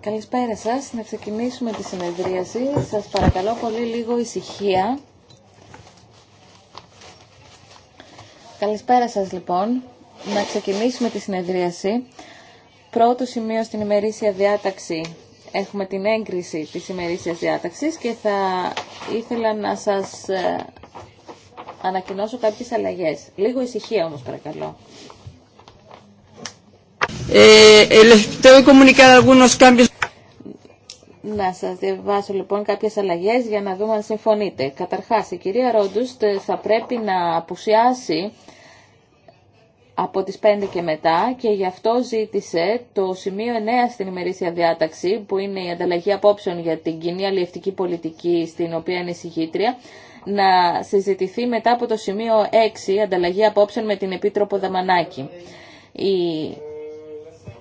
Καλησπέρα σα Να ξεκινήσουμε τη συνεδρίαση. Σα παρακαλώ πολύ λίγο ησυχία. Καλησπέρα σας λοιπόν. Να ξεκινήσουμε τη συνεδρίαση. Πρώτο σημείο στην ημερήσια διάταξη. Έχουμε την έγκριση της ημερήσιας διάταξη και θα ήθελα να σας ε, ανακοινώσω κάποιες αλλαγές. Λίγο ησυχία όμως παρακαλώ. Eh, les tengo que comunicar Να σα διαβάσω λοιπόν κάποιε αλλαγέ για να δούμε αν συμφωνείτε. Καταρχά, η κυρία Ρόντουστ ε, θα πρέπει να απουσιάσει από τις 5 και μετά και γι' αυτό ζήτησε το σημείο 9 στην ημερήσια διάταξη που είναι η ανταλλαγή απόψεων για την κοινή αλληλευτική πολιτική στην οποία είναι συγχύτρια να συζητηθεί μετά από το σημείο 6 ανταλλαγή απόψεων με την Επίτροπο Δαμανάκη. Η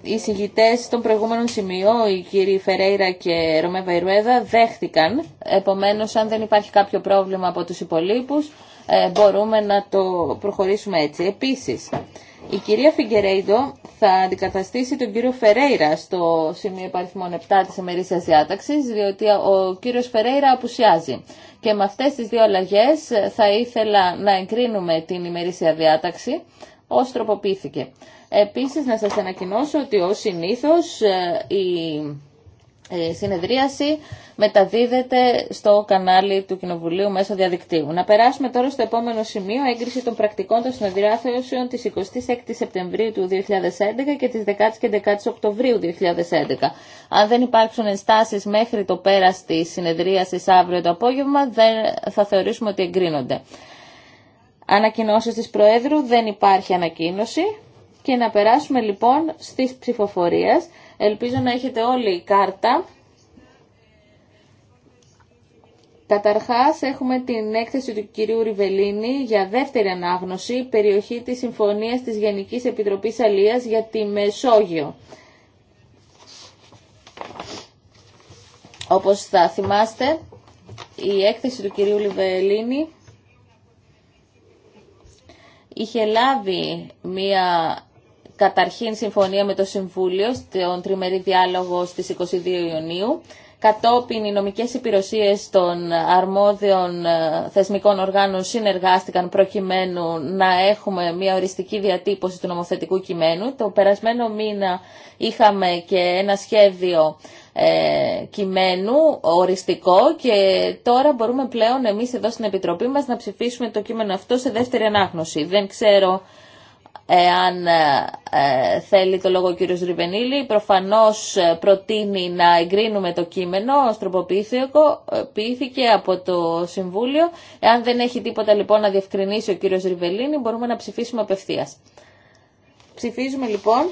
οι συγκητέ των προηγούμενων σημείων, οι κύριοι Φερέιρα και Ρωμέ Βαϊρουέδα, δέχτηκαν. Επομένως, αν δεν υπάρχει κάποιο πρόβλημα από τους υπολείπους, ε, μπορούμε να το προχωρήσουμε έτσι. Επίσης, η κυρία Φιγκερέιντο θα αντικαταστήσει τον κύριο Φερέιρα στο σημείο υπαριθμών 7 της ημερήσιας διάταξης, διότι ο κύριος Φερέιρα απουσιάζει. Και με αυτές τις δύο αλλαγέ ε, θα ήθελα να εγκρίνουμε την ημερήσια διάταξη, ως τροποποιήθηκε. Επίσης να σας ανακοινώσω ότι ως συνήθως ε, η ε, συνεδρίαση μεταδίδεται στο κανάλι του Κοινοβουλίου μέσω διαδικτύου. Να περάσουμε τώρα στο επόμενο σημείο, έγκριση των πρακτικών των συνεδριάσεων της 26 Σεπτεμβρίου του 2011 και της 10 και 11 Οκτωβρίου 2011. Αν δεν υπάρξουν ενστάσεις μέχρι το πέρας της συνεδρίασης αύριο το απόγευμα, θα θεωρήσουμε ότι εγκρίνονται. Ανακοινώσεις της Προέδρου, δεν υπάρχει ανακοίνωση και να περάσουμε λοιπόν στις ψηφοφορίες. Ελπίζω να έχετε όλη η κάρτα. Καταρχάς έχουμε την έκθεση του κυρίου Ριβελίνη για δεύτερη ανάγνωση, περιοχή της Συμφωνίας της Γενικής Επιτροπής Αλίας για τη Μεσόγειο. Όπως θα θυμάστε, η έκθεση του κυρίου Ριβελίνη είχε λάβει μία καταρχήν συμφωνία με το Συμβούλιο στον τριμερή διάλογο στις 22 Ιουνίου, κατόπιν οι νομικές υπηρεσίες των αρμόδιων ε, θεσμικών οργάνων συνεργάστηκαν προκειμένου να έχουμε μια οριστική διατύπωση του νομοθετικού κειμένου. Το περασμένο μήνα είχαμε και ένα σχέδιο ε, κειμένου οριστικό και τώρα μπορούμε πλέον εμείς εδώ στην Επιτροπή μας να ψηφίσουμε το κείμενο αυτό σε δεύτερη ανάγνωση. Δεν ξέρω εάν ε, ε, θέλει το λόγο ο κύριος Ριβενίλη, προφανώς ε, προτείνει να εγκρίνουμε το κείμενο, τροποποίηθηκε ε, από το Συμβούλιο. Εάν δεν έχει τίποτα λοιπόν να διευκρινίσει ο κύριος Ριβελίνη, μπορούμε να ψηφίσουμε απευθείας. Ψηφίζουμε λοιπόν.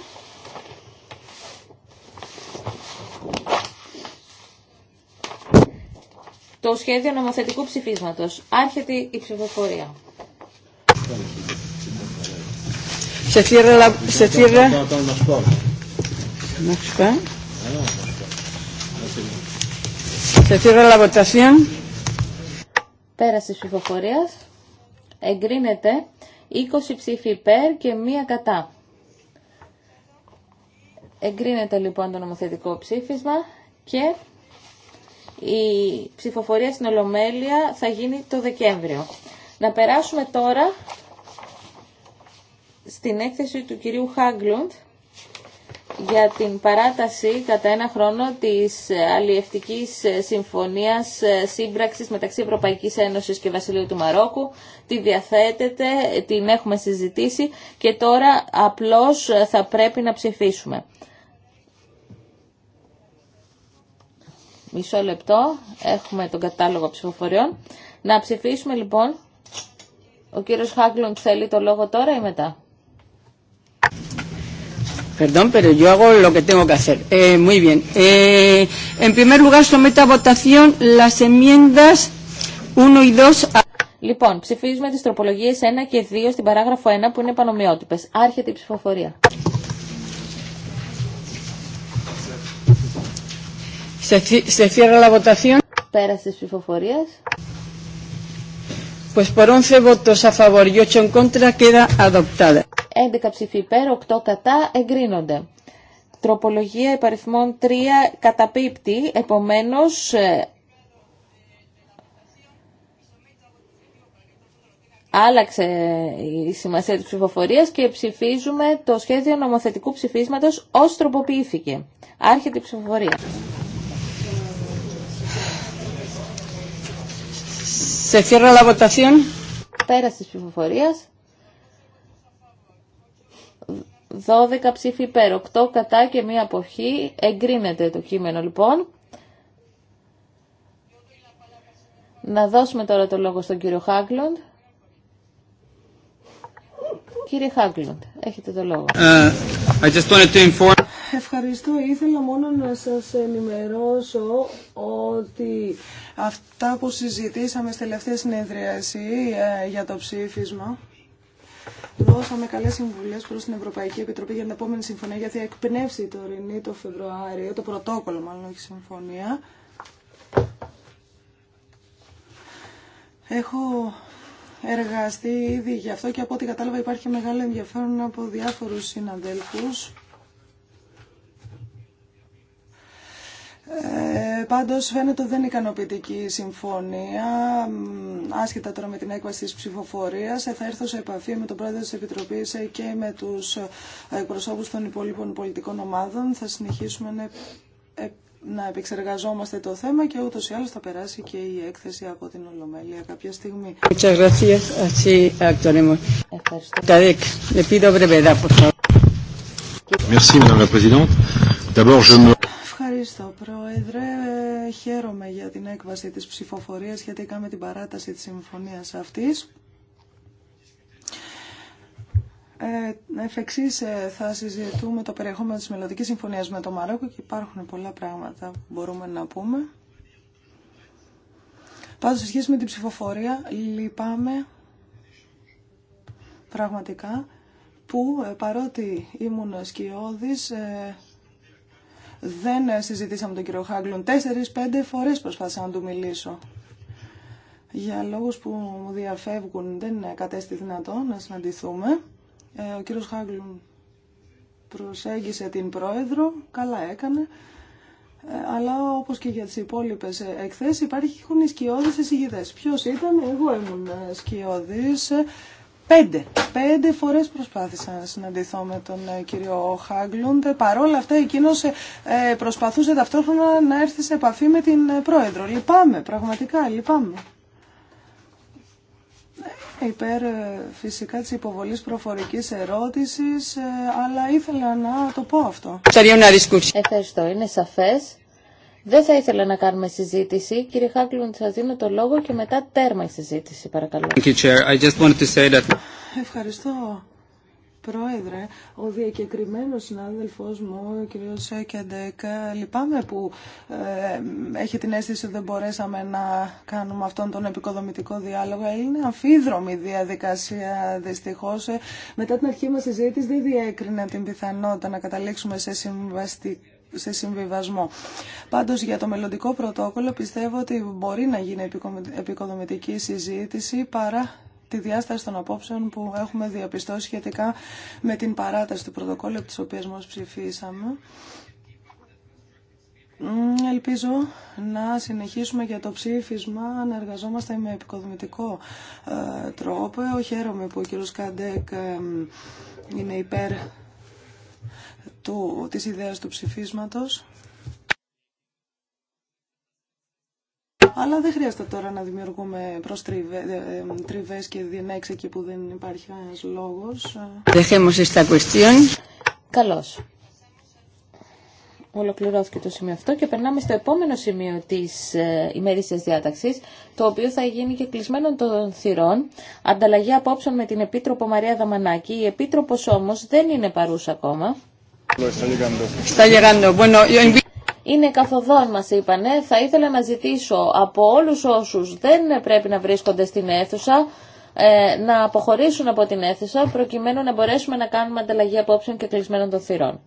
Το σχέδιο νομοθετικού ψηφίσματος. Άρχεται η ψηφοφορία. Σε cierra la... Se cierra... Σε cierra la votación. Πέραση ψηφοφορία. Εγκρίνεται 20 ψήφοι υπέρ και μία κατά. Εγκρίνεται λοιπόν το νομοθετικό ψήφισμα και η ψηφοφορία στην Ολομέλεια θα γίνει το Δεκέμβριο. Να περάσουμε τώρα στην έκθεση του κυρίου Χάγκλουντ για την παράταση κατά ένα χρόνο της αλλιευτικής συμφωνίας σύμπραξης μεταξύ Ευρωπαϊκής Ένωσης και Βασιλείου του Μαρόκου. Τη διαθέτεται, την έχουμε συζητήσει και τώρα απλώς θα πρέπει να ψηφίσουμε. Μισό λεπτό, έχουμε τον κατάλογο ψηφοφοριών. Να ψηφίσουμε λοιπόν. Ο κύριος Χάγκλοντ θέλει το λόγο τώρα ή μετά. Perdón, pero yo hago lo que tengo que hacer. Eh, muy bien. Eh, en primer lugar, someto a votación las enmiendas 1 y 2 a... Λοιπόν, ψηφίζουμε τις τροπολογίες 1 και 2 στην παράγραφο 1 που είναι πανομοιότυπες. Άρχεται η ψηφοφορία. Se, cierra la votación. Πέρασε της ψηφοφορίας. Pues por 11 votos a favor y 8 en contra queda adoptada. 11 ψηφοί υπέρ, 8 κατά, εγκρίνονται. Τροπολογία υπαριθμών 3 καταπίπτει, επομένως ε, άλλαξε η σημασία της ψηφοφορίας και ψηφίζουμε το σχέδιο νομοθετικού ψηφίσματος ως τροποποιήθηκε. Άρχεται η ψηφοφορία. Σε cierra la votación. ψηφοφορίας. 12 ψήφοι υπέρ, 8 κατά και μία αποχή. Εγκρίνεται το κείμενο λοιπόν. Να δώσουμε τώρα το λόγο στον κύριο Χάγκλοντ. Κύριε Χάγκλοντ, έχετε το λόγο. Ε, I just wanted to inform... Ευχαριστώ. Ήθελα μόνο να σας ενημερώσω ότι αυτά που συζητήσαμε στη τελευταία συνεδρίαση ε, για το ψήφισμα δώσαμε καλέ συμβουλέ προ την Ευρωπαϊκή Επιτροπή για την επόμενη συμφωνία, γιατί εκπνεύσει το το Φεβρουάριο, το πρωτόκολλο μάλλον, όχι συμφωνία. Έχω εργαστεί ήδη γι' αυτό και από ό,τι κατάλαβα υπάρχει μεγάλο ενδιαφέρον από διάφορους συναδέλφους. Πάντως φαίνεται δεν ικανοποιητική η συμφωνία, άσχετα τώρα με την έκβαση της ψηφοφορίας. Ε, θα έρθω σε επαφή με τον πρόεδρο της Επιτροπής ε, και με τους ε, εκπροσώπους των υπόλοιπων πολιτικών ομάδων. Θα συνεχίσουμε να επεξεργαζόμαστε το θέμα και ούτως ή άλλως θα περάσει και η έκθεση από την Ολομέλεια κάποια στιγμή. Ευχαριστώ, Πρόεδρε. Χαίρομαι για την έκβαση της ψηφοφορίας σχετικά με την παράταση της συμφωνίας αυτής. Ε, εφ' εξής ε, θα συζητούμε το περιεχόμενο της μελλοντικής συμφωνίας με το Μαρόκο και υπάρχουν πολλά πράγματα που μπορούμε να πούμε. Πάντως, σε σχέση με την ψηφοφορία, λυπάμαι πραγματικά που ε, παρότι ήμουν σκιώδης ε, δεν συζητήσαμε τον κύριο Χάγκλουν. Τέσσερις-πέντε φορές προσπάθησα να του μιλήσω. Για λόγους που μου διαφεύγουν δεν κατέστη δυνατό να συναντηθούμε. Ε, ο κύριος Χάγκλουν προσέγγισε την πρόεδρο, καλά έκανε. Ε, αλλά όπως και για τις υπόλοιπες εκθέσεις υπάρχουν οι σκιώδεις εισηγητές. Ποιος ήταν, εγώ ήμουν σκιώδης. Πέντε. Πέντε φορές προσπάθησα να συναντηθώ με τον ε, κύριο Χάγκλουντ. Παρόλα αυτά εκείνος ε, ε, προσπαθούσε ταυτόχρονα να έρθει σε επαφή με την πρόεδρο. Λυπάμαι, πραγματικά λυπάμαι. Υπέρ φυσικά της υποβολής προφορικής ερώτησης, αλλά ήθελα να το πω αυτό. Ευχαριστώ, είναι σαφές δεν θα ήθελα να κάνουμε συζήτηση. Κύριε Χάκλουν, σας δίνω το λόγο και μετά τέρμα η συζήτηση, παρακαλώ. Ευχαριστώ. Πρόεδρε, ο διακεκριμένος συνάδελφός μου, ο κύριος Σέκεντεκ. λυπάμαι που ε, έχει την αίσθηση ότι δεν μπορέσαμε να κάνουμε αυτόν τον επικοδομητικό διάλογο. Είναι αμφίδρομη διαδικασία δυστυχώς. Ε, μετά την αρχή μας συζήτηση δεν διέκρινε την πιθανότητα να καταλήξουμε σε συμβαστική σε συμβιβασμό. Πάντως για το μελλοντικό πρωτόκολλο πιστεύω ότι μπορεί να γίνει επικοδομητική συζήτηση παρά τη διάσταση των απόψεων που έχουμε διαπιστώσει σχετικά με την παράταση του πρωτοκόλλου από τις οποίες μας ψηφίσαμε. Ελπίζω να συνεχίσουμε για το ψήφισμα, να εργαζόμαστε με επικοδομητικό ε, τρόπο. Χαίρομαι που ο κύριος Καντέκ ε, είναι υπέρ του, της ιδέας του ψηφίσματος. Αλλά δεν χρειάζεται τώρα να δημιουργούμε προς ε, τριβές και διενέξει εκεί που δεν υπάρχει ένας λόγος. esta cuestión. Καλώς. Ολοκληρώθηκε το σημείο αυτό και περνάμε στο επόμενο σημείο της ε, ημερήσιας διάταξης, το οποίο θα γίνει και κλεισμένο των θυρών, ανταλλαγή απόψεων με την Επίτροπο Μαρία Δαμανάκη. Η Επίτροπος όμως δεν είναι παρούσα ακόμα. Είναι καθοδόν μας είπανε. Θα ήθελα να ζητήσω από όλους όσους δεν πρέπει να βρίσκονται στην αίθουσα ε, να αποχωρήσουν από την αίθουσα προκειμένου να μπορέσουμε να κάνουμε ανταλλαγή απόψεων και κλεισμένων των θυρών.